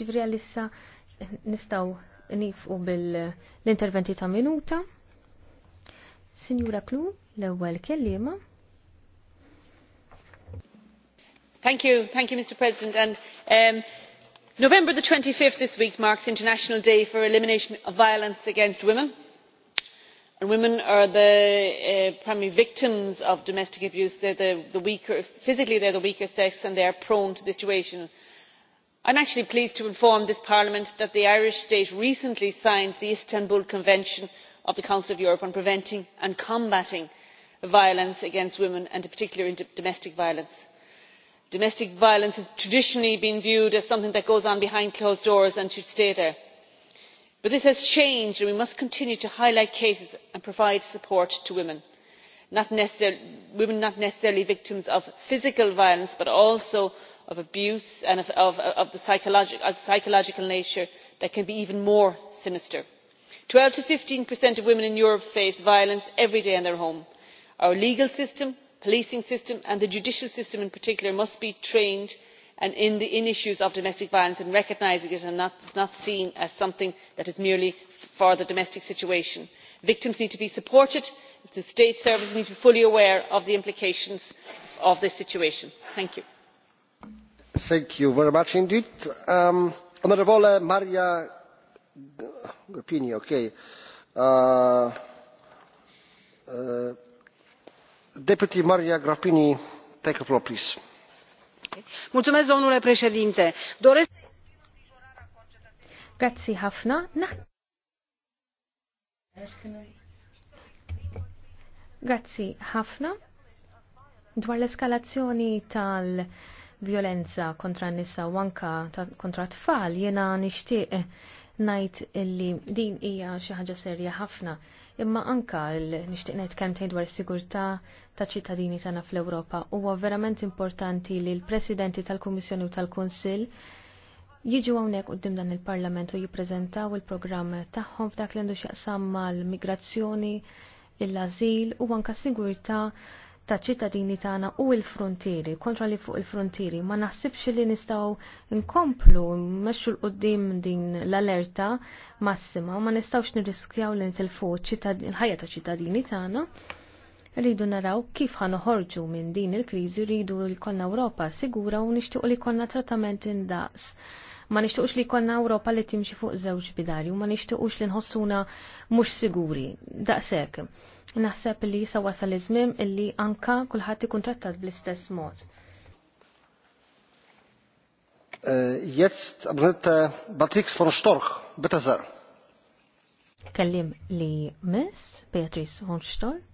Ġivri għalissa nistaw nifqu bil-interventi ta' minuta. Signora Klu, l ewel kellima. Thank you, thank you, Mr. President. And um, November the 25th this week marks International Day for Elimination of Violence Against Women. And women are the uh, primary victims of domestic abuse. They're the, the weaker, physically they're the weaker sex and they are prone to the situation i am actually pleased to inform this parliament that the irish state recently signed the istanbul convention of the council of europe on preventing and combating violence against women and in particular domestic violence. domestic violence has traditionally been viewed as something that goes on behind closed doors and should stay there but this has changed and we must continue to highlight cases and provide support to women not necessarily victims of physical violence but also of abuse and of a psychological nature that can be even more sinister. twelve to fifteen of women in europe face violence every day in their home. our legal system policing system and the judicial system in particular must be trained in issues of domestic violence and recognising it and not seen as something that is merely for the domestic situation. victims need to be supported and the state services need to be fully aware of the implications of this situation. thank you. Thank you very much indeed. Um, Onorevole Maria Gopini, okay. Uh, uh, Deputy Maria Grappini, take the floor, please. Mulțumesc, domnule președinte. Doresc... Grazzi ħafna. Grazzi ħafna. Dwar l-eskalazzjoni tal- violenza kontra nisa u anka kontra tfal jena nixtieq najt illi din hija xi ħaġa serja ħafna imma anka nixtieq ngħid kemm tgħid dwar sigurtà ta' ċittadini tagħna fl-Ewropa huwa verament importanti li l-Presidenti tal-Kummissjoni u tal-Kunsill jiġu hawnhekk quddiem dan il-Parlament u jippreżentaw il-programm tagħhom f'dak li għandu x'jaqsam mal-migrazzjoni, l ażil u anka sigurtà ta' ċittadini tagħna u l-frontieri, kontra li fuq il-frontieri, ma naħsibx li nistgħu nkomplu mmexxu l-qudiem din l-alerta massima, ma nistgħux nirriskjaw li nitilfu l-ħajja ta' ċittadini tagħna. Rridu naraw kif ħanoħorġu minn din il-kriżi, rridu li konna Ewropa sigura u nixtiequ li konna trattament indaqs ma nixtuqx li konna Ewropa li timxi fuq żewġ bidari u ma nixtuqx li nħossuna mhux siguri. Daqshekk. Naħseb li sa wasal iż-żmiem illi anka kulħadd ikun trattat bl-istess mod. E, jetzt abnet batrix von Storch, bitte Kellim li Miss Beatrice von Storch.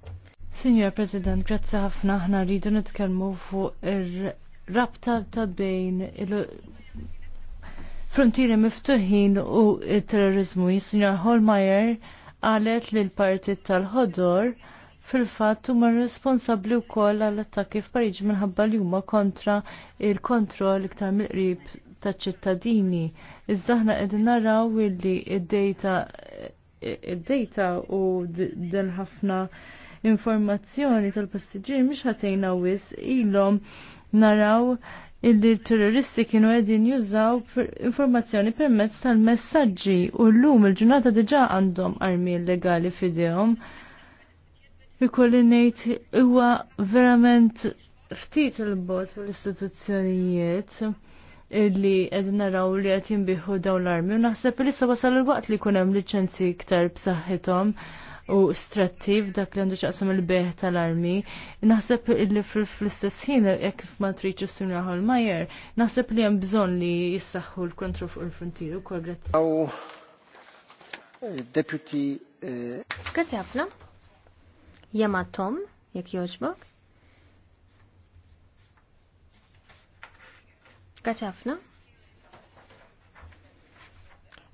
Signor President, grazzi ħafna ħna rridu nitkellmu fuq ir-rabta ta' bejn il-frontieri miftuħin u il-terrorizmu. Signor Holmeyer, qalet li l-partit tal-ħodor fil-fatt huma responsabbli wkoll għall attakki f'Pariġi minħabba li huma kontra il-kontroll iktar mill-qrib taċ-ċittadini. Iżda aħna qegħdin naraw illi id dejta id dejta u din ħafna informazzjoni tal-passiġġieri mhix ħatejna wis ilhom naraw illi l-terroristi kienu għedin jużaw informazzjoni permezz tal-messagġi u l-lum il-ġurnata diġa għandhom armi illegali fidejhom. Ikolli ngħid huwa verament ftit il-bot fl-istituzzjonijiet illi qed naraw li qed jinbiħu dawn l-armi u naħseb li issa sabasal il-waqt li jkun hemm liċenzji iktar b'saħħithom u strattiv dak li għandu xaqsam il-beħ tal-armi. Naħseb li fl-istess ħin jekk s Sunja Holmajer, naħseb li hemm bżonn li jissaħħu l-kontrol fuq il-frontier ukoll grazzi. Eh, deputy eh, Grazzi ħafna. Jama Tom, jekk joġbok. Grazzi ħafna.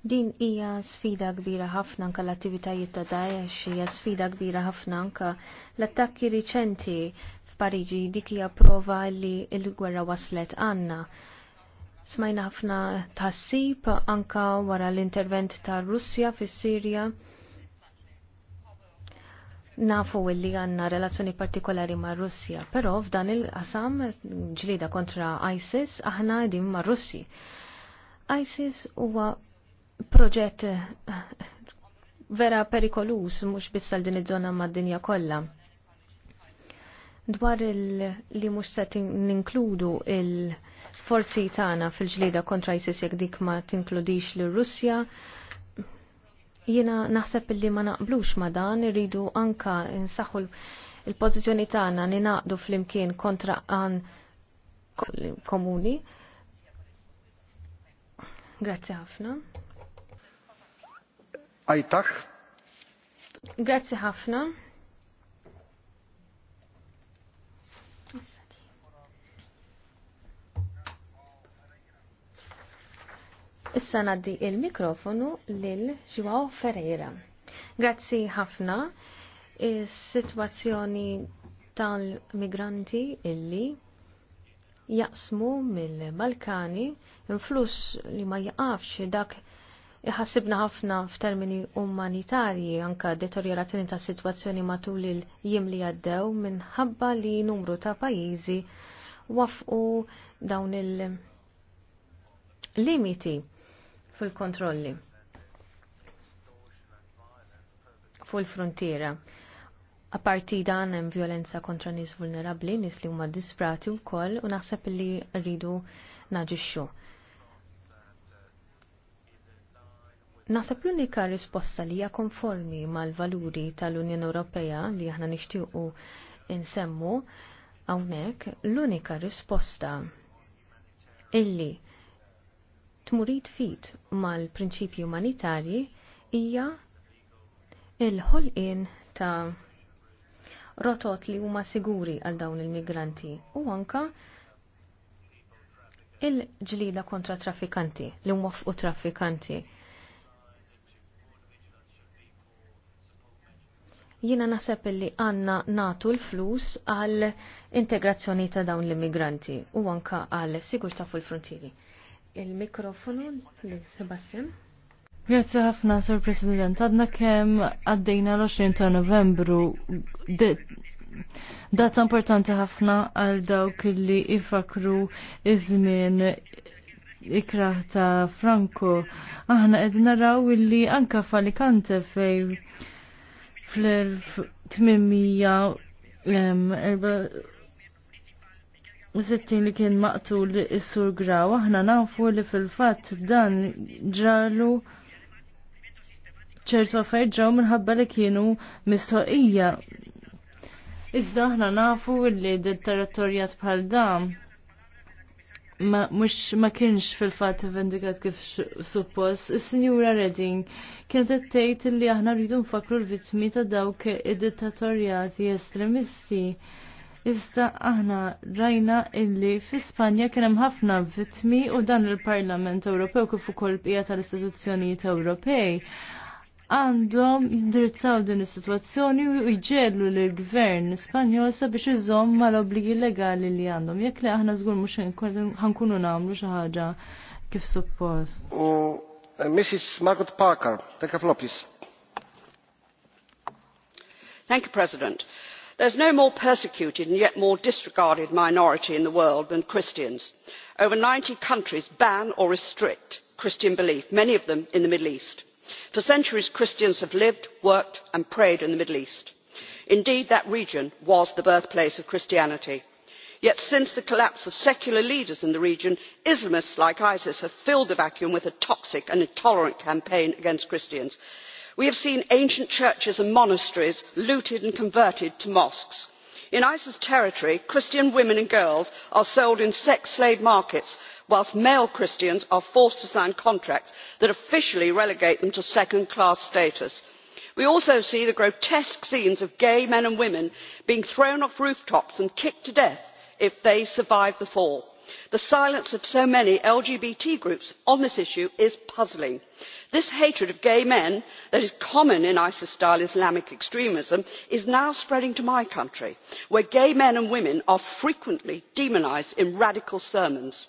Din hija sfida kbira ħafna anka l-attivitajiet ta' Daesh, hija sfida kbira ħafna anka l-attakki riċenti f'Pariġi dik hija prova li l-gwerra waslet għandna. Smajna ħafna tassib anka wara l-intervent ta' Russja fis-Sirja. Nafu li għanna relazzjoni partikolari ma' Russja, però f'dan il-qasam ġlida kontra ISIS aħna din ma' Russi. ISIS huwa proġett eh, vera perikolus mhux biss għal din iż-żona mad-dinja kollha. Dwar li mhux se ninkludu il-forzi tagħna fil-ġlieda kontra ISIS jekk dik ma tinkludix lir russja jiena naħseb li ma naqblux ma dan irridu anka nsaħħu il-pożizzjoni tagħna ninaqdu flimkien kontra għan komuni. Grazie ħafna. Ajtaħ. Grazzi ħafna. Issa naddi il-mikrofonu lil Joao Ferreira. Grazzi ħafna. Is-sitwazzjoni tal-migranti illi jaqsmu mill-Balkani influss li ma jaqafx dak iħassibna ħafna f'termini umanitarji anka deteriorazzjoni ta' situazzjoni matul il-jiem li għaddew minħabba li numru ta' pajjiżi wafqu dawn il-limiti fil-kontrolli fuq il-frontiera. parti dan hemm violenza kontra nies vulnerabbli, nies li huma disprati wkoll u naħseb li rridu naġixxu. Naħseb l-unika risposta li hija konformi mal-valuri tal-Unjoni Ewropea li aħna nixtiequ insemmu hawnhekk l-unika risposta illi tmurid fit mal-prinċipji umanitarji hija il-ħolqien ta' rotot li huma siguri għal dawn il-migranti u anka il-ġlida kontra traffikanti li huma fuq traffikanti. Jina naħseb li għanna natu l-flus għal integrazzjoni ta' dawn l-immigranti u anka għal sigurta fuq il-frontieri. Il-mikrofonu Sebastian. Grazie ħafna, Sir President. Għadna kem għaddejna l-20 ta' novembru data importanti ħafna għal dawk li ifakru iż-żmien ikraħ ta' Franco. Aħna qed naraw illi anka falikante fej fl-1864 li kien maqtul is-sur Graw, aħna nafu li fil-fatt dan ġralu ċertu affarijiet ġew minħabba li kienu mistoqija. Iżda aħna nafu li d-territorjat bħal dam ma, mux, ma kienx fil-fat vendikat kif suppos, il-Sinjura Redding kienet tgħid li aħna rridu nfakru l-vittmi ta' dawk id-dittatorjati estremisti. Iżda aħna rajna illi fl Spanja kien hemm ħafna vittmi u dan il-Parlament Ewropew kif ukoll bqija tal-istituzzjonijiet Ewropej għandhom jindirizzaw din is-sitwazzjoni u jġellu l-gvern Spanjol sabiex iżomm mal-obbligi legali li għandhom. Jekk li aħna żgur mhux ħankunu nagħmlu xi ħaġa kif suppost. U eh, Mrs. Margaret Parker, take a please. Thank you, President There's no more persecuted and yet more disregarded minority in the world than christians. over 90 countries ban or restrict christian belief many of them in the middle east for centuries christians have lived worked and prayed in the middle east. indeed that region was the birthplace of christianity. yet since the collapse of secular leaders in the region islamists like isis have filled the vacuum with a toxic and intolerant campaign against christians. we have seen ancient churches and monasteries looted and converted to mosques in isis territory christian women and girls are sold in sex slave markets whilst male christians are forced to sign contracts that officially relegate them to second class status. we also see the grotesque scenes of gay men and women being thrown off rooftops and kicked to death if they survive the fall the silence of so many lgbt groups on this issue is puzzling. this hatred of gay men that is common in isis style islamic extremism is now spreading to my country where gay men and women are frequently demonised in radical sermons.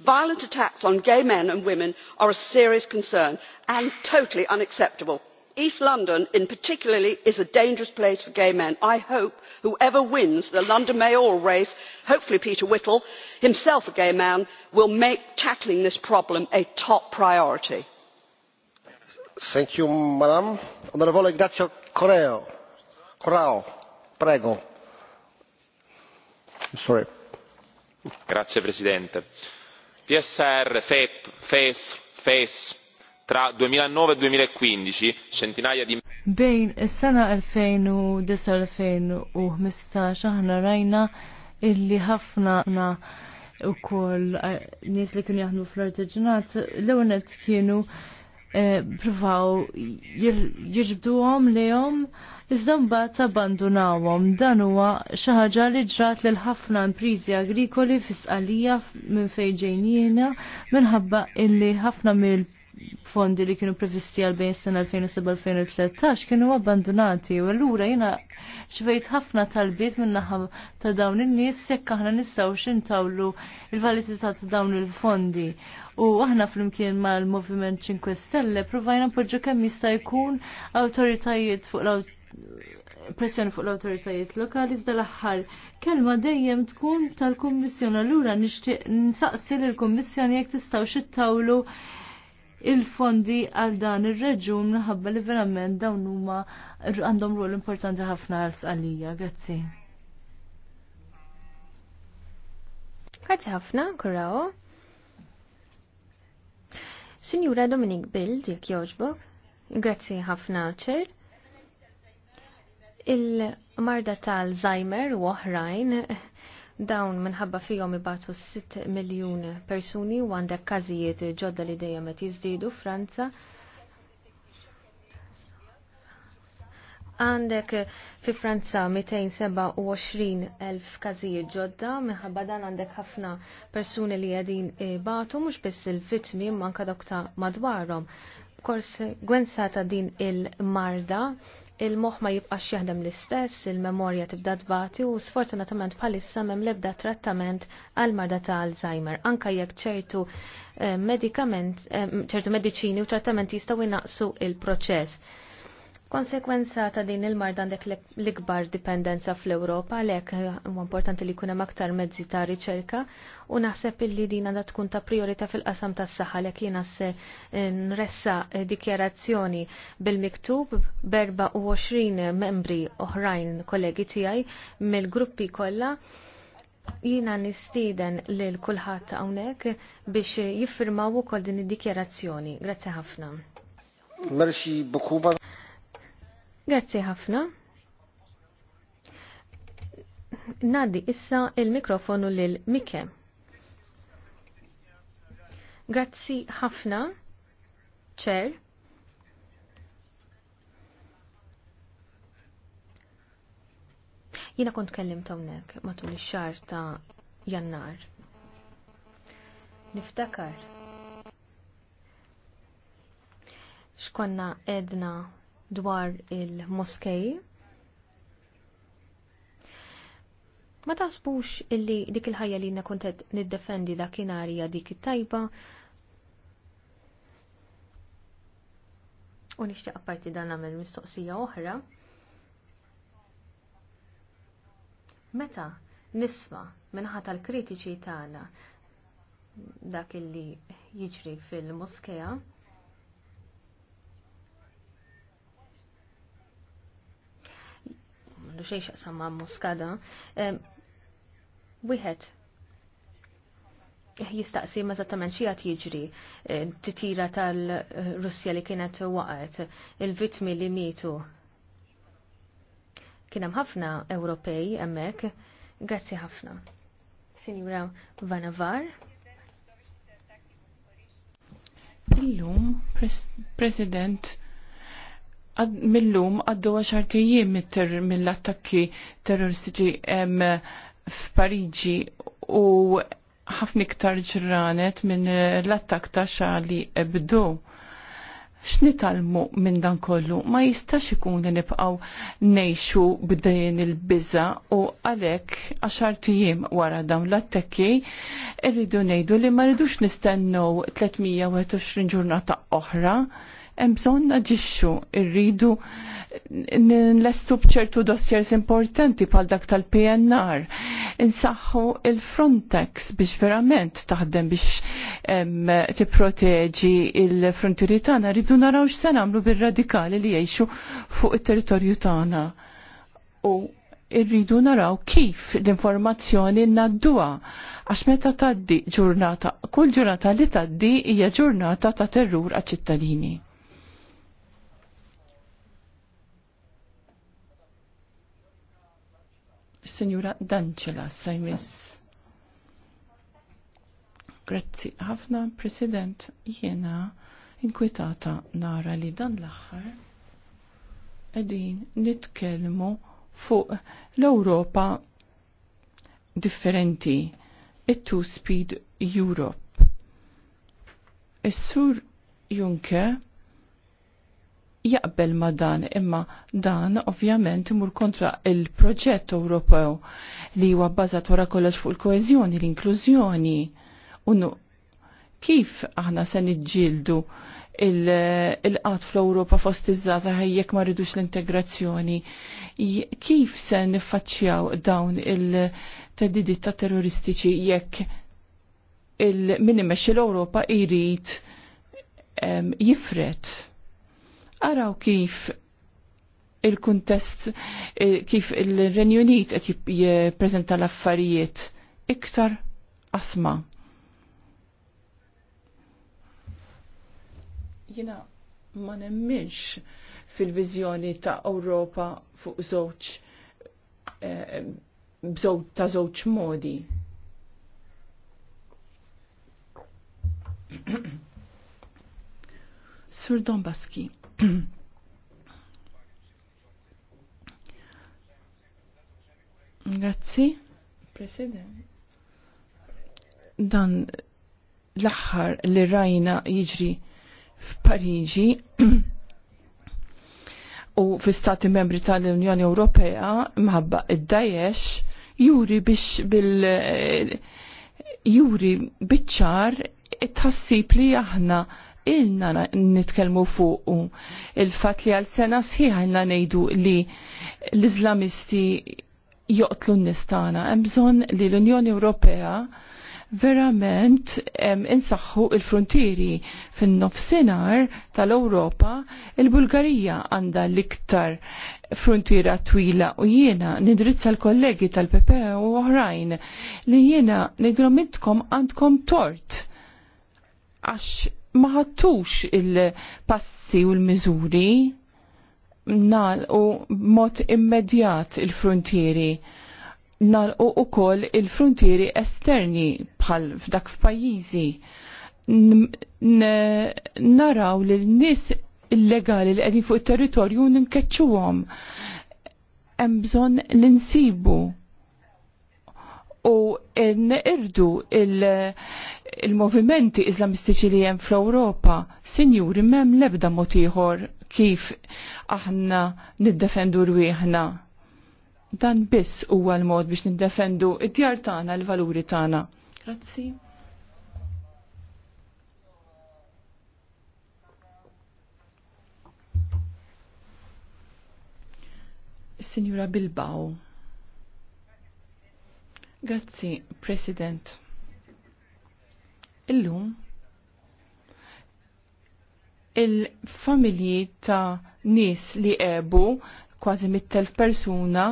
violent attacks on gay men and women are a serious concern and totally unacceptable east london in particular is a dangerous place for gay men. i hope whoever wins the london mayoral race hopefully peter whittle himself a gay man will make tackling this problem a top priority tra 2009 e 2015 centinaia di Bejn is-sena 2009-2015 aħna rajna illi ħafna u koll eh, nies li kienu jaħdmu fl-artiġinat l-ewnet kienu eh, provaw jirġbduhom lejhom iżda mbagħad abbandunawhom. Dan huwa xi ħaġa li ġrat lil ħafna imprizi agrikoli fis-qalija minn fejn ġejnina minħabba illi ħafna mill fondi li kienu previsti għal bejn sena 2007-2013 kienu abbandonati u allura jina xvejt ħafna talbiet minnaħa ta' dawn in-nies jekk aħna nistgħu xintawlu il-validità ta' dawn il-fondi. U aħna fl-imkien ma' l-Moviment 5 Stelle provajna poġġu kemm jista' jkun awtoritajiet fuq l pressjoni fuq l-autoritajiet lokali iżda l-aħħar kelma dejjem tkun tal-Kummissjoni allura nixtieq nsaqsi lill-Kummissjoni jekk tistgħu xittawlu il-fondi għal dan ir-reġun minħabba li verament dawn huma għandhom rol importanti ħafna għal sqalija. Grazzi. Grazzi ħafna, kurraw. Sinjura Dominik Bild, jek joġbok. Grazzi ħafna ċer il-marda tal-Zajmer u oħrajn Dawn minħabba fihom ibatu 6 miljun persuni u għandek każijiet ġodda li dejjem qed jiżdiedu Franza. Għandek fi Franza 227.000 elf każijiet ġodda, minħabba dan għandek ħafna persuni li għedin batu mhux biss il-vitmi manka dok ta' madwarhom. Kors gwenza ta' din il-marda il-moħ ma jibqax jaħdem l-istess, il-memorja tibda tbati u sfortunatament bħalissa mem lebda trattament għal marda ta' Alzheimer. Anka jekk ċertu eh, medikament, eh, ċertu mediċini u trattament jistaw naqsu il-proċess. Konsekwenza ta' din il-marda għandek l-ikbar dipendenza fl-Ewropa għalhekk eh, huwa importanti li jkun hemm aktar mezzi ta' riċerka u naħseb illi din għandha tkun ta' priorità fil-qasam tas-saħħa għalhekk jiena se eh, nressa eh, dikjarazzjoni bil-miktub 20 membri oħrajn kollegi tiegħi mill-gruppi kollha jina nistiden lil kulħadd hawnhekk biex jiffirmaw ukoll din id-dikjerazzjoni. Grazzi ħafna. Merci beaucoup. Grazzi ħafna. Naddi issa il-mikrofonu lil Mike. Grazzi ħafna, ċer. Jina kont kellim tawnek matul ix-xar ta' jannar. Niftakar. Xkonna edna dwar il-moskej. Ma taħsbux illi dik il-ħajja li kontet niddefendi dakinarja dik it-tajba u nixtieq apparti dan nagħmel mistoqsija oħra. Meta nisma' minħata tal-kritiċi tagħna dak illi jiġri fil-moskeja, għandu xejn xaqsam ma' muskada, wieħed jistaqsi ma zattament qed jiġri e, titira tal-Russja li kienet waqgħet il-vitmi li mitu. hemm ħafna Ewropej hemmhekk, grazzi ħafna. Sinjura Vanavar. Illum, President, Millum għaddu għaxartijiem mill-attakki terroristiċi f'Pariġi u ħafna iktar ġranet minn l-attak ta' xali ebdu. X'nitalmu minn dan kollu? Ma jistax ikun li nibqgħu nejxu b'dejn il-biża u għalhekk għaxar wara dawn l-attakki irridu ngħidu li ma rridux nistennew 321 ġurnata oħra hemm bżonn naġixxu rridu nlestu bċertu dossiers importanti bħal dak tal-PNR. Insaħħu il-Frontex biex verament taħdem biex tipproteġi il-frontieri tagħna rridu naraw x'se nagħmlu bir-radikali li jgħixu fuq it-territorju tagħna. U irridu naraw kif l-informazzjoni nadduwa. għax meta taddi ġurnata, kull ġurnata li taddi hija ġurnata ta' terrur għaċ-ċittadini. Signora Dancela Sajmis. Grazzi ħafna, President, jiena inkwitata nara li dan l-axħar edin nitkelmu fuq l-Europa differenti, it-two-speed Europe. Is-sur Juncker jaqbel ma dan, imma dan ovvjament imur kontra il-proġett Ewropew li huwa bbażat wara kollox fuq il-koeżjoni, l-inklużjoni. Unu kif aħna se niġġieldu il-qat fl-Ewropa fost iż-żgħażagħ ħajjek ma rridux l-integrazzjoni, kif se niffaċċjaw dawn il-teddidiet ta' terroristiċi jekk il-min imexxi l-Ewropa jrid jifret Araw kif il-kuntest eh, kif il-Renju Unit qed jippreżenta l-affarijiet iktar asma. Jina ma nemminx fil-viżjoni ta' Ewropa fuq żewġ eh, ta' żewġ modi. Sur Donbaski. Grazzi, President. Dan l-aħħar li rajna jiġri f'Pariġi u f'istati membri tal-Unjoni Ewropea mħabba id dajesh juri biex bil juri biċċar it-tħassib li aħna ilna nitkelmu fuq il-fat li għal sena sħiħa ilna nejdu li l-Islamisti joqtlu n-nistana. Mżon li l-Unjoni Ewropea verament insaxħu il-frontieri fin-nofsinar tal-Ewropa, il-Bulgarija għandha l-iktar frontiera twila u jiena nidrizza l-kollegi tal ppe u oħrajn li jiena nidromitkom għandkom tort għax ma ħattux il-passi u l-miżuri u mod immedjat il-frontieri nalqu u koll il-frontieri esterni bħal f'dak f'pajjiżi naraw li l-nis illegali li qegħdin fuq it-territorju ninkeċċuhom hemm bżonn l-insibu u irdu il-movimenti il islamistiċi li jem fl-Europa, sinjuri mem lebda motiħor kif aħna niddefendu rwieħna. Dan biss huwa l-mod biex niddefendu id-djar tagħna, l-valuri tagħna. Grazzi. Signora Bilbao. Grazzi, President. Illum, il-familji ta' nis li ebu kważi mittelf persuna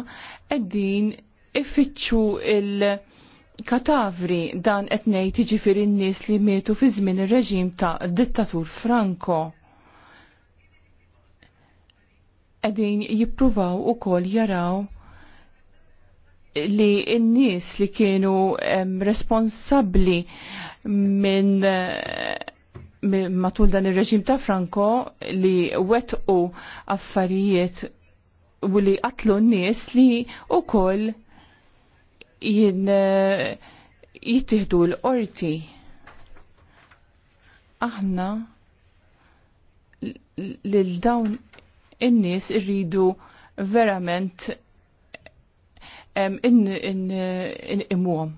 eddin iffiċċu il-katavri dan etnej tiġi fir nis li mietu fi żmien ir-reġim ta' dittatur Franco. Edin jippruvaw u kol jaraw li n-nies li kienu responsabbli minn matul dan ir-reġim ta' Franco li wetqu affarijiet u li qatlu n-nies li wkoll jittieħdu l-qorti. Aħna lil dawn in-nies irridu verament in, in, in, in, in, in, in, in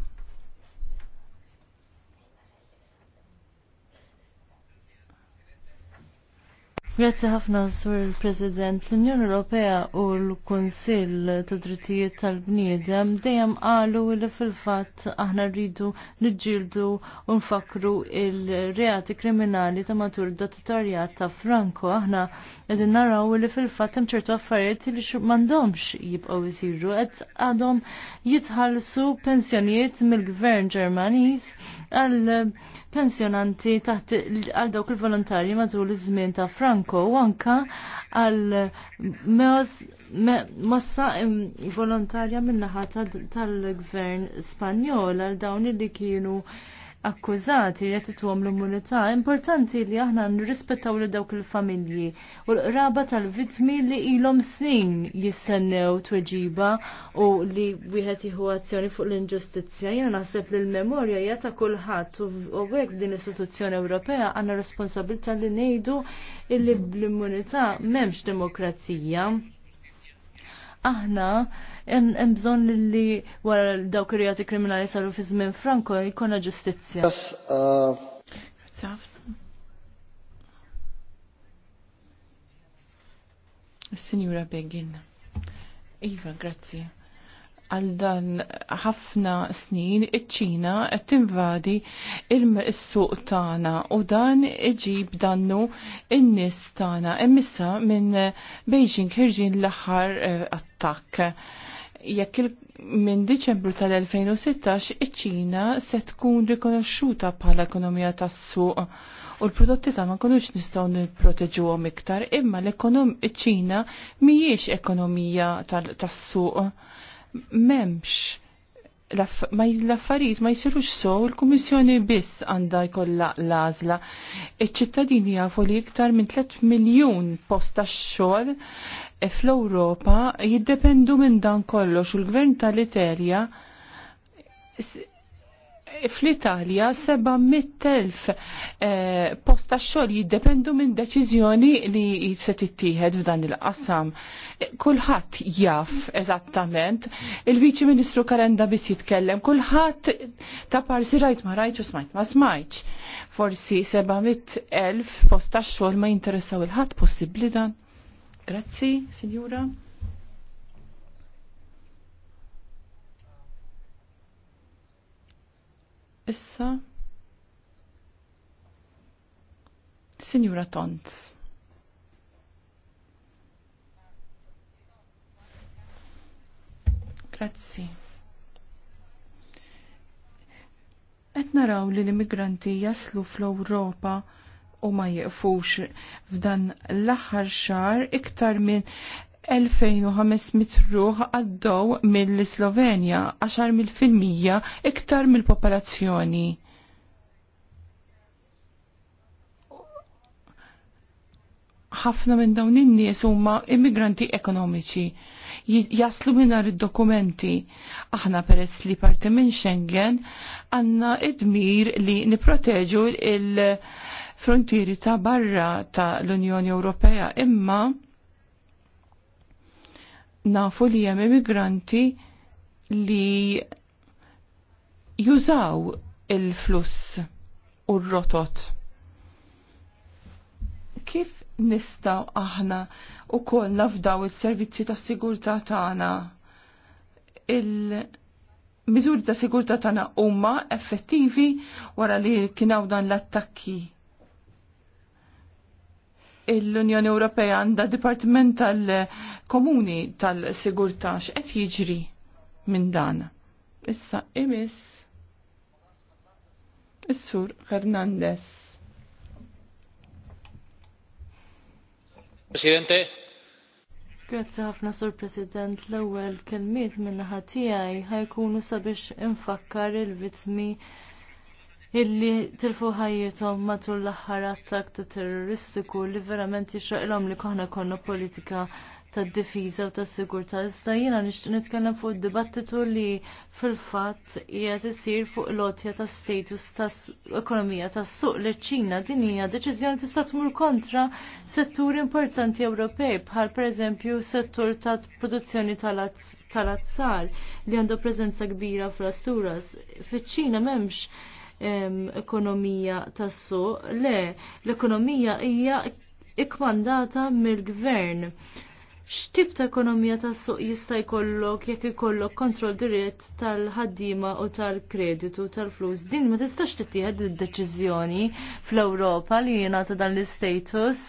Grazzi ħafna, Sur President. L-Unjoni Ewropea u l-Kunsill ta' Drittijiet tal-Bniedem dejjem qalu li fil-fatt aħna rridu niġġieldu u nfakru il-reati kriminali ta' matur datatorjat ta' Franco. Aħna qegħdin naraw li fil-fatt hemm ċertu affarijiet li m'għandhomx jibqgħu jsiru qed għadhom jitħallsu pensjonijiet mill-Gvern Ġermaniż għal pensjonanti taħt għal dawk il-volontarji matul iż-żmien ta' Franco u anka għal mossa volontarja minnaħa tal-gvern Spanjol għal dawn li kienu akkużati li jtituhom l-immunità, importanti li aħna nirrispettaw li dawk il-familji u l-qraba tal-vittmi li ilhom snin jistennew tweġiba u li wieħed jieħu azzjoni fuq l-inġustizzja. Jiena naħseb li l-memorja hija ta' kulħadd u hekk din l-istituzzjoni Ewropea għandna responsabilità li ngħidu illi bl-immunità m'hemmx demokrazija. Aħna hemm bżonn li wara dawk ir-reati kriminali saru fi żmien Franco jkollna ġustizzja. Uh, Signora Begin. Iva, grazzi. Għal dan ħafna snin iċ-Ċina qed tinvadi s suq tagħna u dan iġib dannu in-nies tagħna. Imissa minn Beijing ħirġin l-aħħar eh, attakk jekk minn Diċembru tal-2016 iċ-Ċina se tkun rikonoxxuta bħala ekonomija tas-suq u l-prodotti ta' ma konux nistgħu nipproteġuhom iktar, imma l-ekonom iċ-Ċina mhijiex ekonomija tas-suq. Memx l-affarijiet ma jsirux so, l-Kummissjoni biss għandha jkollha l-għażla. Iċ-ċittadini jafu li iktar minn 3 miljun posta xol xogħol eh, fl-Ewropa jiddependu minn dan kollox u l-Gvern tal-Iterja fl-Italja 700.000 eh, posta xogħol jiddependu minn deċiżjoni li se tittieħed f'dan il-qasam. Eh, kulħadd jaf eżattament, il-Viċi Ministru Kalenda biss jitkellem, kulħadd ta' parsi rajt ma rajt u smajt ma smajtx. Forsi 700.000 posta xogħol ma jinteressaw il-ħadd possibbli dan. Grazzi, Sinjura. Issa, Signora Tons. Grazzi. Et naraw li l-immigranti jaslu fl-Ewropa u ma jiqfux f'dan l-aħħar xar iktar minn 2500 ruħ għaddew mill-Slovenja 10 mill-filmija iktar mill-popolazzjoni. ħafna minn dawn in-nies huma immigranti ekonomiċi jaslu minar id-dokumenti. Aħna peress li parti minn Schengen għanna id-dmir li niproteġu il-frontieri ta' barra ta' l-Unjoni Ewropea imma nafu li hemm immigranti li jużaw il-fluss u r-rotot. Kif nistaw aħna u koll nafdaw il-servizzi ta' sigurta tagħna il-miżuri ta' sigurta tagħna huma effettivi wara li kienaw dan l-attakki l-Unjoni Ewropea għandha Dipartiment tal-Komuni tal-Sigurtà x'qed jiġri minn dan. Issa imis Is-Sur Fernandez. Presidente. Grazzi ħafna Sur President l-ewwel kelmiet minn ħatijaj ħajkunu sabiex infakkar il-vitmi illi tilfu ħajjithom matul l-aħħar attak ta' terroristiku li verament jixraqilhom li koħna konna politika tad difiża u tas sigurtà iżda jiena nixtieq nitkellem fuq id-dibattitu li fil-fatt qiegħed isir fuq lotja ta' status ta' ekonomija tas-suq li ċina din hija deċiżjoni tista' tmur kontra setturi importanti Ewropej bħal pereżempju settur ta' produzzjoni tal-azzar li għandu preżenza kbira fl-Asturas. Fiċ-Ċina m'hemmx ekonomija tas-suq. Le, l-ekonomija hija ikmandata mill-gvern. X'tip ta' ekonomija tas-suq jista' jkollok jekk ikollok kontroll dirett tal-ħaddiema u tal-kreditu tal-flus. Din ma tistax tittieħed id-deċiżjoni fl-Ewropa li jingħata dan l-istatus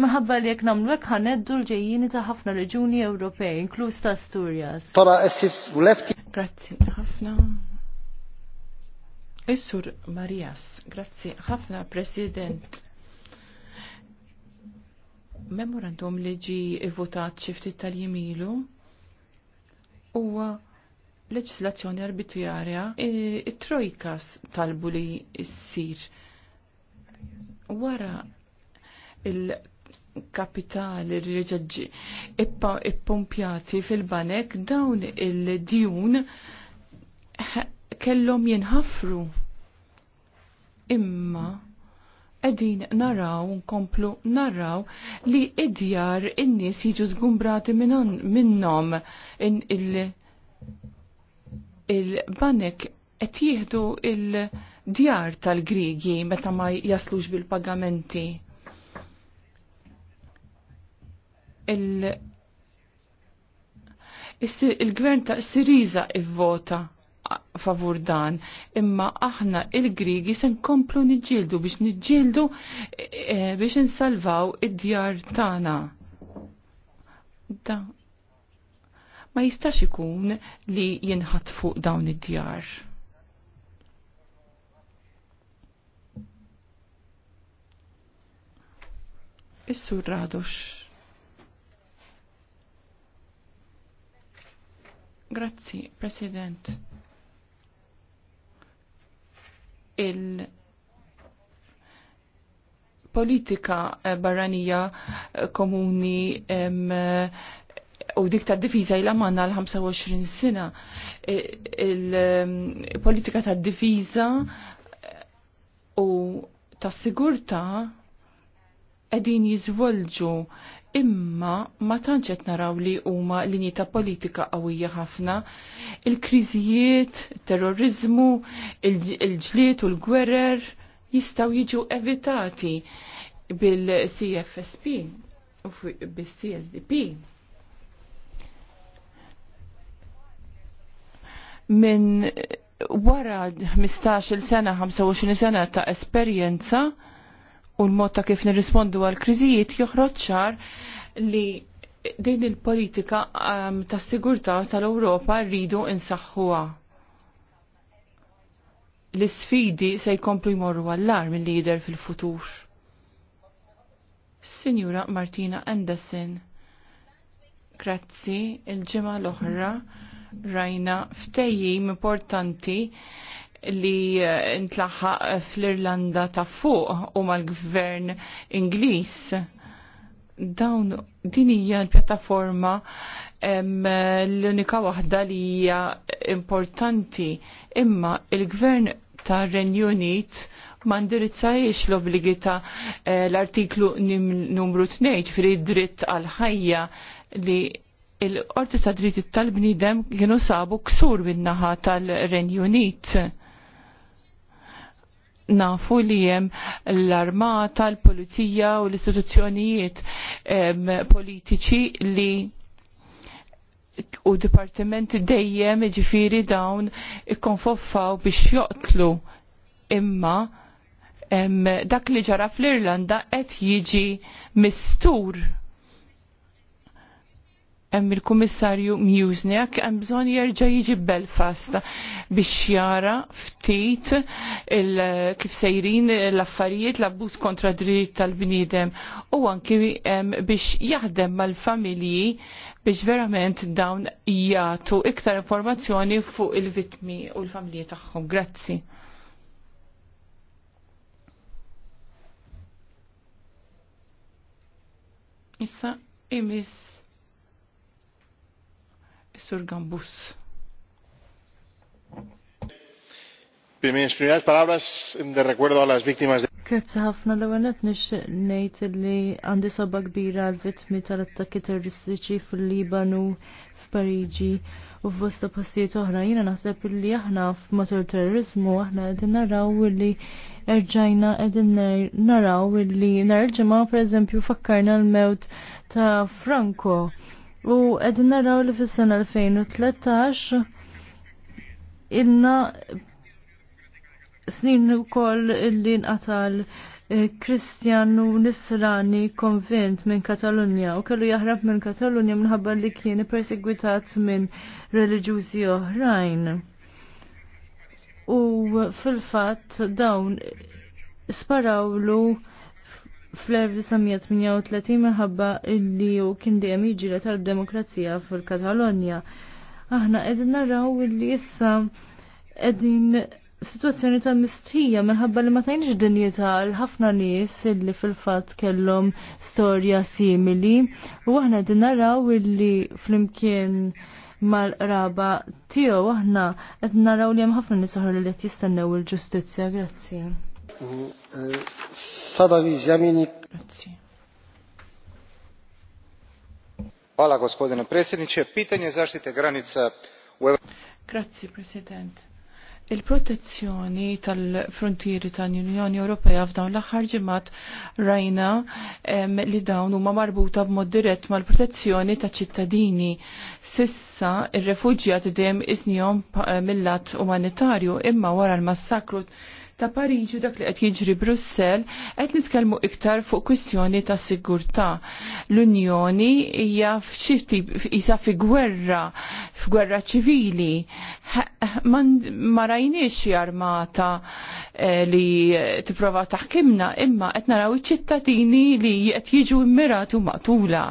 minħabba li jekk nagħmlu hekk ħaneddu l-ġejjini ta' ħafna reġuni Ewropej, inkluż ta' Asturias. Tara essis u lefti. Grazzi ħafna. Issur Marias, grazzi ħafna President. Memorandum li ġi votat xiftit tal-jimilu huwa leġislazzjoni arbitrarja trojkas talbu li ssir wara il kapitali riġaġġi ippompjati fil-banek dawn il-djun kellhom jinħafru. Imma qegħdin naraw nkomplu naraw li id-djar in-nies jiġu żgumbrati minnhom il-banek qed jieħdu il-djar tal-Grigi meta ma jaslux bil-pagamenti. il-gvern ta' Siriza ivvota favur dan, imma aħna il-Grigi se nkomplu niġġieldu biex niġġieldu e, biex insalvaw id-djar tagħna. Da. Ma jistax ikun li jinħat fuq dawn id-djar. Is-sur Radux. Grazzi, President il- politika eh, barranija eh, komuni eh, u dik ta' difiża il manna l-25 sena. Il-politika ta' difiża u ta' sigurta' edin jizvolġu imma ma tanċet naraw li huma linji ta' politika qawwija ħafna, il-kriżijiet, terrorizmu, il-ġliet u l-gwerer jistaw jiġu evitati bil-CFSP u bil-CSDP. Minn wara 15 sena, 25 sena ta' esperjenza, u l-mod ta' kif nirrispondu għal kriżijiet joħroġ ċar li din il-politika um, ta' sigurtà tal-Ewropa rridu insaħħuha. L-sfidi se jkomplu jmorru għall-arm il lider fil-futur. Sinjura Martina Anderson, grazzi il-ġimgħa l-oħra rajna ftejjim importanti li eh, ntlaħħaq eh, fl-Irlanda ta' fuq u mal-gvern Ingliż. Dawn din hija l-pjattaforma l-unika waħda li hija importanti imma il-gvern ta' Renju Unit ma ndirizzajiex l-obligi ta' eh, l-artiklu numru 2 fri dritt għal ħajja li il-qorti ta' dritti tal-bnidem kienu sabu ksur min-naħa tal-Renju Unit nafu li jem l-armata, l-polizija u l-istituzzjonijiet politiċi li u dipartimenti dejjem ġifiri dawn ikkonfoffaw biex joqtlu imma em, dak li ġara fl-Irlanda qed jiġi mistur hemm il-Kummissarju Musniak hemm bżonn jerġa' jiġi Belfast biex jara ftit kif sejrin l-affarijiet l-abbuż kontra dritt tal-bniedem u anki biex jaħdem mal-familji biex verament dawn jagħtu iktar informazzjoni fuq il-vitmi u l-familji tagħhom. Grazzi. Issa imis Sur Gambus. Mis Grazzi ħafna l-għanet nix ngħid li għandi soba kbira għal-vittmi tal-attakki terroristiċi fil-Libanu, f'Pariġi u f'bosta passijiet oħra. Jiena naħseb li aħna f'matul terrorizmu aħna qegħdin naraw li erġajna qegħdin naraw li nhar il-ġimgħa pereżempju fakkarna l-mewt ta' Franco U għedin naraw li fis-sena 2013 ilna snin u koll li nqatal Kristjan eh, u Nisrani konvent minn Katalunja u kellu jaħrab minn Katalunja minħabba li kien persegwitat minn reliġjużi oħrajn. U fil-fatt dawn sparawlu fl-1938 minħabba illi u kien dejjem jiġi tal-demokrazija fil-Katalonja. Aħna qegħdin narraw illi issa qegħdin situazzjoni ta' mistħija minħabba li ma tajniex dinjeta l-ħafna nies illi fil-fatt kellhom storja simili u aħna qegħdin naraw illi flimkien mal-raba tiegħu aħna qed naraw li hemm ħafna nies oħra li qed jistennew il-ġustizzja. Grazzi gospodine Pitanje granica u Grazie President. Il-protezzjoni tal-frontieri tal-Unjoni Ewropea f'dawn l-aħħar ġimgħat rajna em, li dawn huma marbuta b'mod dirett mal-protezzjoni ta' ċittadini. Sissa ir-refuġjati dejjem iżnihom mill-lat umanitarju imma wara l-massakru ta' Pariġu dak li qed jiġri Brussell qed nitkellmu iktar fuq kwistjoni ta' sigurtà. L-Unjoni hija f'xifti isa fi gwerra, f'gwerra ċivili. Ma rajniex armata eh, li tipprova taħkimna imma qed naraw iċ-ċittadini li qed jiġu immiratu maqtula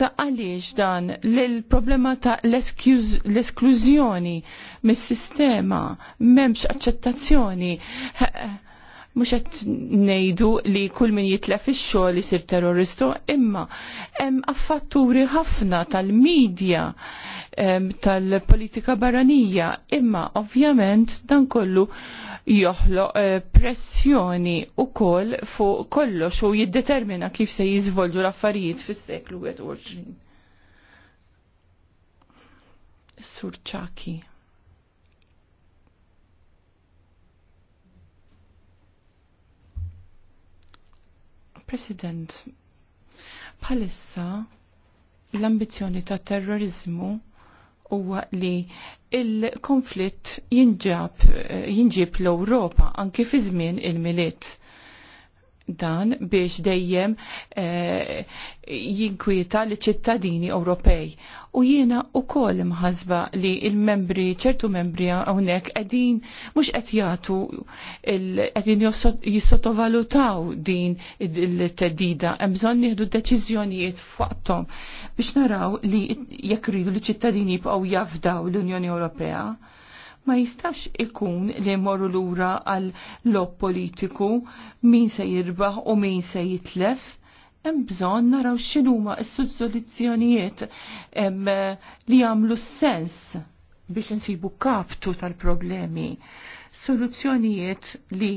da għaliex dan l-problema ta' l-esklużjoni mis-sistema memx aċċettazzjoni mux għet nejdu li kull min jitlef ix-xogħol isir terroristu, imma hemm affatturi ħafna tal-medja, tal-politika barranija, imma ovvjament dan kollu joħlo eh, pressjoni u koll fuq kollox u jiddetermina kif se jizvolġu l-affarijiet fis-seklu 21. Surċaki. President, palissa l-ambizjoni ta' terrorizmu huwa li il-konflitt jinġab jinġib l-Ewropa anki fi żmien il-miliet dan biex dejjem eh, jinkwieta li ċittadini Ewropej. U jiena u kol mħazba li il-membri, ċertu membri għonek edin mux qed jagħtu qegħdin jissotovalutaw din il tedida hemm bżonn nieħdu deċiżjonijiet fuqhom biex naraw li jekk ridu li ċittadini jibqgħu jafdaw l-Unjoni Ewropea ma jistax ikun li morru lura għal lob politiku min se jirbaħ u min se jitlef. Hemm bżonn naraw x'inhuma s-soluzzjonijiet li jagħmlu sens biex insibu kaptu tal-problemi. Soluzzjonijiet li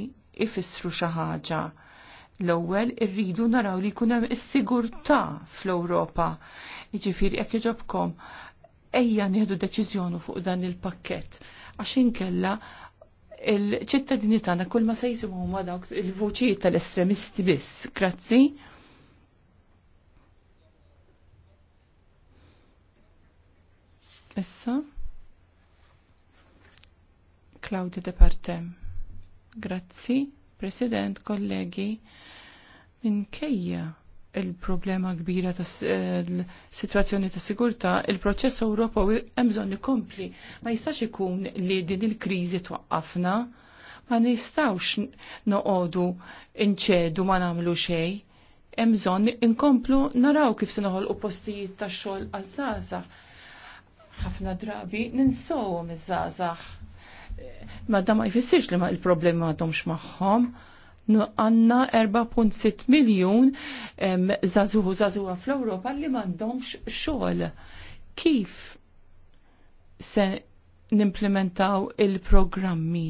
ifissru xi ħaġa l-ewwel irridu naraw li jkun hemm is-sigurtà fl-Ewropa. Jiġifieri jekk iġobkom ejja nieħdu deċiżjoni fuq dan il-pakkett għax inkella il-ċittadini tagħna kull ma se jisimgħu ma dawk il vuċi tal-estremisti biss. Grazzi. Issa. Claudia Partem. Grazzi, President, kollegi, minn kejja il-problema kbira ta' eh, situazzjoni ta' sigurta, il-proċess Ewropa hemm bżonn ikompli. Ma jistax ikun li din il-kriżi twaqqafna, ma nistawx noqogħdu inċedu ma nagħmlu xejn. Hemm bżonn inkomplu naraw kif se noħolqu postijiet ta' xogħol għaż Ħafna drabi ninsowhom iż-żgħażagħ. Eh, ma da ma jfissirx li ma il problema għadhomx magħhom. Ma għanna 4.6 miljon zazuhu zazuha fl-Europa li mandomx xogħol. Kif se nimplementaw il-programmi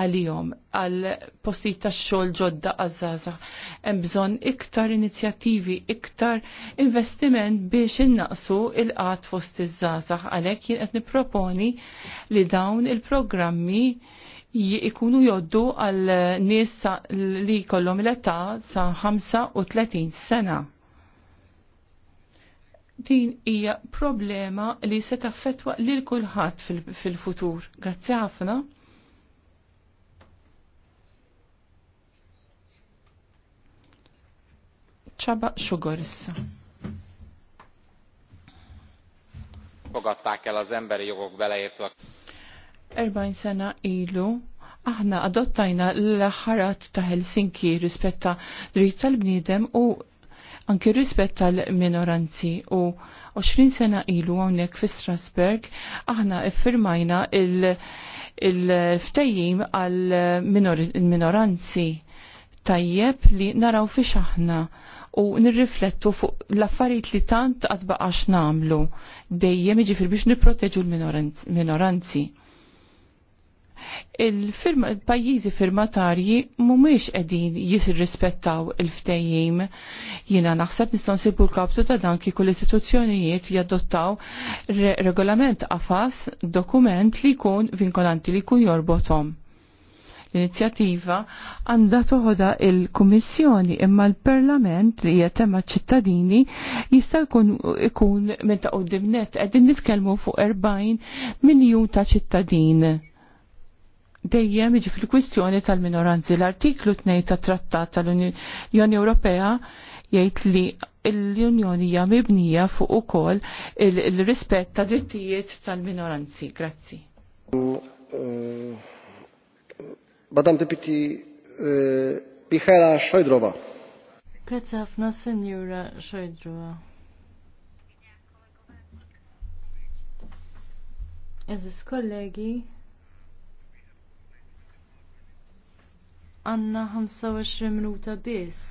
għal-jom, għal postijiet ta' xogħol ġodda għazzaza. Hemm bżonn iktar inizjattivi, iktar investiment biex innaqsu il-qat fost iż-żgħażagħ għalhekk jien qed nipproponi li dawn il-programmi il programmi jikunu joddu għal nies li kollom l-età sa 35 sena. Din hija problema li se taffetwa lil kulħadd fil-futur. Fil Grazzi ħafna. ċaba sugar issa. Fogadták el az emberi jogok beleértve. 40 sena ilu aħna adottajna l-ħarat ta' Helsinki rispetta dritt tal-bniedem u anki rispett tal-minoranzi u 20 sena ilu għonek fi Strasberg aħna iffirmajna il-ftejjim il għal-minoranzi tajjeb li naraw fi xaħna u nirriflettu fuq l-affarijiet li tant għadbaqax namlu dejjem iġifir biex niproteġu l-minoranzi il pajjiżi firmatarji mhumiex qegħdin jirrispettaw il-ftejjim. Jiena naħseb nistgħu nsibu l-kaptu ta' dan kieku l-istituzzjonijiet jadottaw regolament qafas dokument li jkun vinkolanti li jkun jorbothom. L-inizjattiva għandha toħoda il-Kummissjoni imma l-Parlament li jatema ċittadini jista' jkun ikun minn ta' qudimnet qegħdin nitkellmu fuq 40 miljun ta' ċittadin dejjem iġi fil-kwistjoni tal-minoranzi. L-artiklu 2 ta' trattat tal-Unjoni Ewropea jgħid li l-Unjoni hija mibnija fuq ukoll il-rispett ta' drittijiet tal-minoranzi. Grazzi. E, Madam Deputy Bihela e, Szojdrova. Grazzi ħafna, Senjura Szojdrova. Eżis kollegi, għanna 25 minuta biss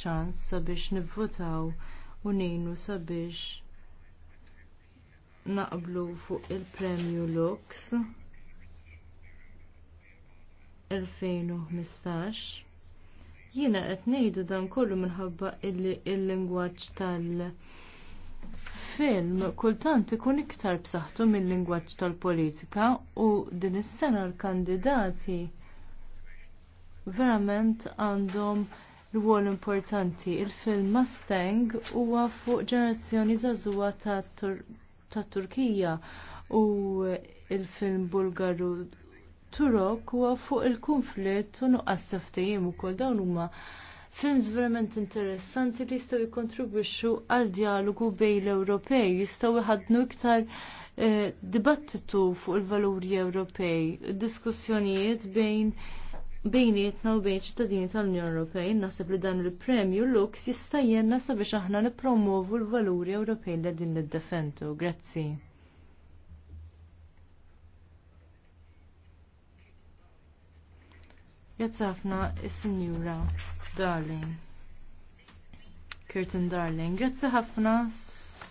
ċans sabiex nivvotaw u nejnu sabiex naqblu fuq il-premju Lux 2015 jiena qed ngħidu dan kollu minħabba il-lingwaġġ tal-film kultant ikun iktar b'saħħtu mill-lingwaġġ tal-politika u din is-sena l-kandidati verament għandhom rwol importanti. Il-film Mustang huwa fuq ġenerazzjoni żagħżugħa ta' Turkija u il-film Bulgaru Turok huwa fuq il-konflitt u nuqqas taftejjem ukoll dawn huma films verament interessanti li jistgħu jikkontribwixxu għal dialogu bejn l-Ewropej, jistgħu jħadnu iktar eh, dibattitu fuq il-valuri Ewropej, diskussjonijiet bejn bejnietna u bejn ċittadini tal-Unjoni Ewropej naħseb li dan il-premju Lux jista' jenna sabiex aħna nippromovu l-valuri Ewropej li din niddefendu. Grazzi. Grazzi ħafna is-Sinjura Darling. Curtin Darling. Grazzi ħafna,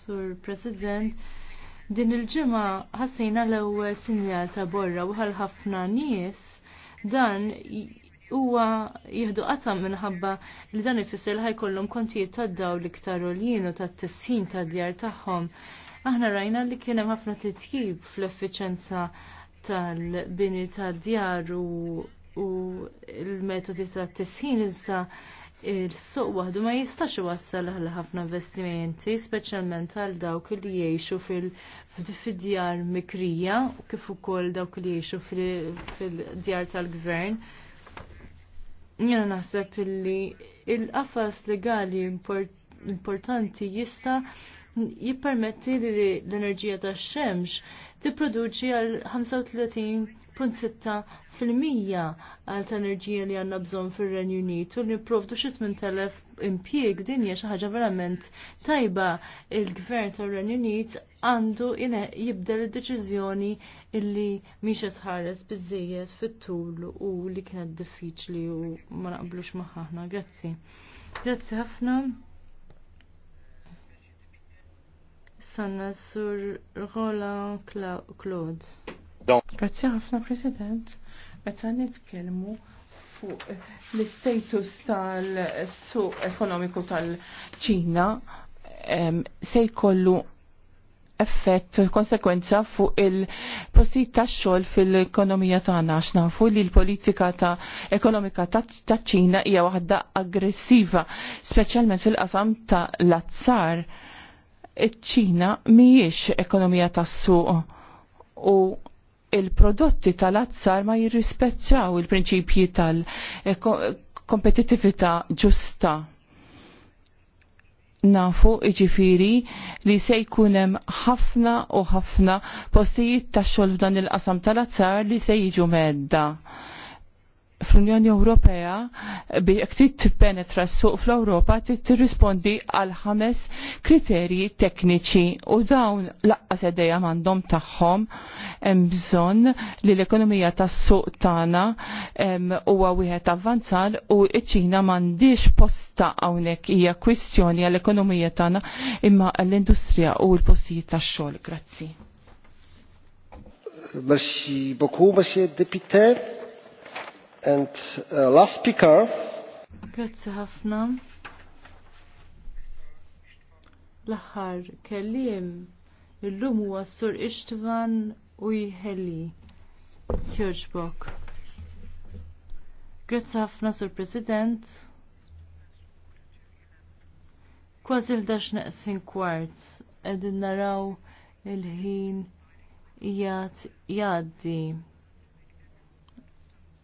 Sur President. Din il-ġimgħa ħassejna l-ewwel sinjal ta' borra u ħafna nies dan huwa jieħdu qasam minħabba li dan ifisser ħajkollhom kontijiet tad dawl l-iktar u tat-tisħin tad-djar tagħhom. Aħna rajna li kien hemm ħafna titjib fl-effiċenza tal-bini tad-djar u u l-metodi ta' tessin iżda il-suq waħdu ma jistax wassal għal ħafna investimenti, speċjalment għal dawk li jgħixu fil-djar mikrija u kif ukoll dawk li jgħixu fil-djar tal-gvern. Jena naħseb li il-qafas legali importanti jista' jippermetti li l-enerġija tax-xemx tipproduċi għal 35.6 fil-mija għal tal-enerġija li għanna bżon fil-Renju Unit u li provdu xi 8000 impjieg din hija xi ħaġa verament tajba il-Gvern tar-Renju Unit għandu jibdel id-deċiżjoni illi mhix tħares biżejjed fit-tul u li kienet diffiċli u ma naqblux magħha Grazzi. Grazzi ħafna. Sanna sur Roland Claude. Grazie ħafna President. Meta nitkellmu fuq l-status tal-suq ekonomiku tal-Ċina se jkollu effett konsekwenza fuq il-postijiet tax xogħol fil-ekonomija tagħna għax nafu li l-politika ta' ekonomika ta' Ċina hija waħda aggressiva, speċjalment fil-qasam ta' l-azzar ċ-Ċina mhijiex ekonomija tas-suq u il-prodotti tal-azzar ma jirrispettaw il-prinċipji tal-kompetitività ġusta nafu iġifiri li se jkunem ħafna u ħafna postijiet ta' xogħol f'dan il-qasam tal-azzar li se jiġu medda fl-Unjoni Ewropea bi trid tippenetra s-suq fl-Ewropa trid tirrispondi għal ħames kriterji tekniċi u dawn laqqas sedeja m'għandhom tagħhom hemm bżonn li l-ekonomija tas-suq tagħna huwa wieħed avvanzal u iċ ċina m'għandix posta hawnhekk hija kwistjoni għall-ekonomija tagħna imma għall-industrija u l-postijiet tax-xogħol. Grazzi. Merci beaucoup, Monsieur Député. And uh, last speaker. Grazzi ħafna. L-aħħar kellim illum huwa Sur Ishtvan u jħelli. Kjoġbok. Grazzi ħafna Sur President. Kważi l-dax naqsin kwart qegħdin naraw il-ħin jgħaddi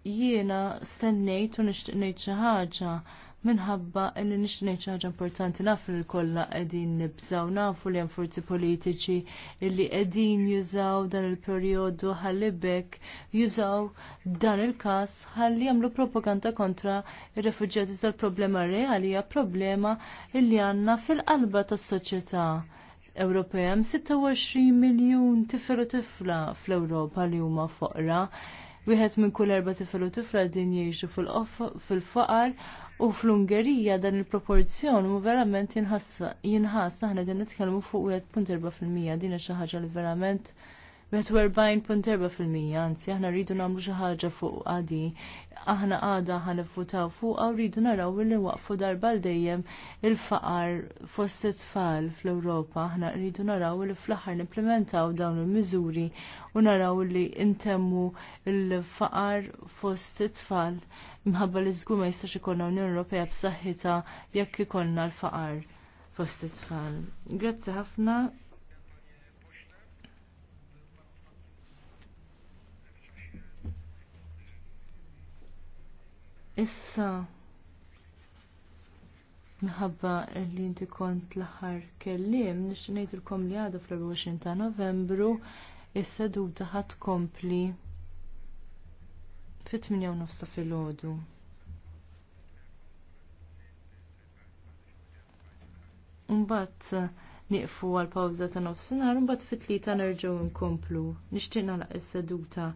jiena stennejt u nixtieq ngħid xi ħaġa minħabba li nixtieq ngħid xi ħaġa importanti naf li kollha qegħdin nibżgħu nafu li hemm forzi politiċi li qegħdin jużaw dan il-perjodu ħalli bekk jużaw dan il-każ ħalli jagħmlu propaganda kontra ir-refuġjati iżda l-problema reali hija problema li għandna fil-qalba tas-soċjetà. Ewropea 26 miljun tifel u tifla fl-Ewropa li huma foqra wieħed minn kull erba' tifel u tifla din jgħixu fil-faqar u fl-Ungerija dan il-proporzjon mu verament jinħassa aħna din nitkellmu fuq 1.4 fil-mija din xi ħaġa li verament 40.4% anzi aħna rridu nagħmlu xi ħaġa fuq għadi aħna għada ħan votaw fuq u rridu naraw li waqfu darba dejjem il-faqar fost it-tfal fl-Ewropa aħna rridu naraw li fl-aħħar nimplementaw dawn il-miżuri u naraw li intemmu il-faqar fost it-tfal mħabba li żgur ma jistax ikollna Unjoni Ewropea b'saħħitha jekk ikollna l-faqar fost it-tfal. Grazzi ħafna Issa Minħabba li inti kont l-aħħar kellim, il-kom li għadha fl-24 ta' Novembru is-seduta ħat kompli fit-8 nofsa filgħodu. Mbagħad eh, nieqfu għal pawża ta' nofsinhar, mbagħad fit ta nerġgħu nkomplu. Nixtieq nagħlaq is-seduta.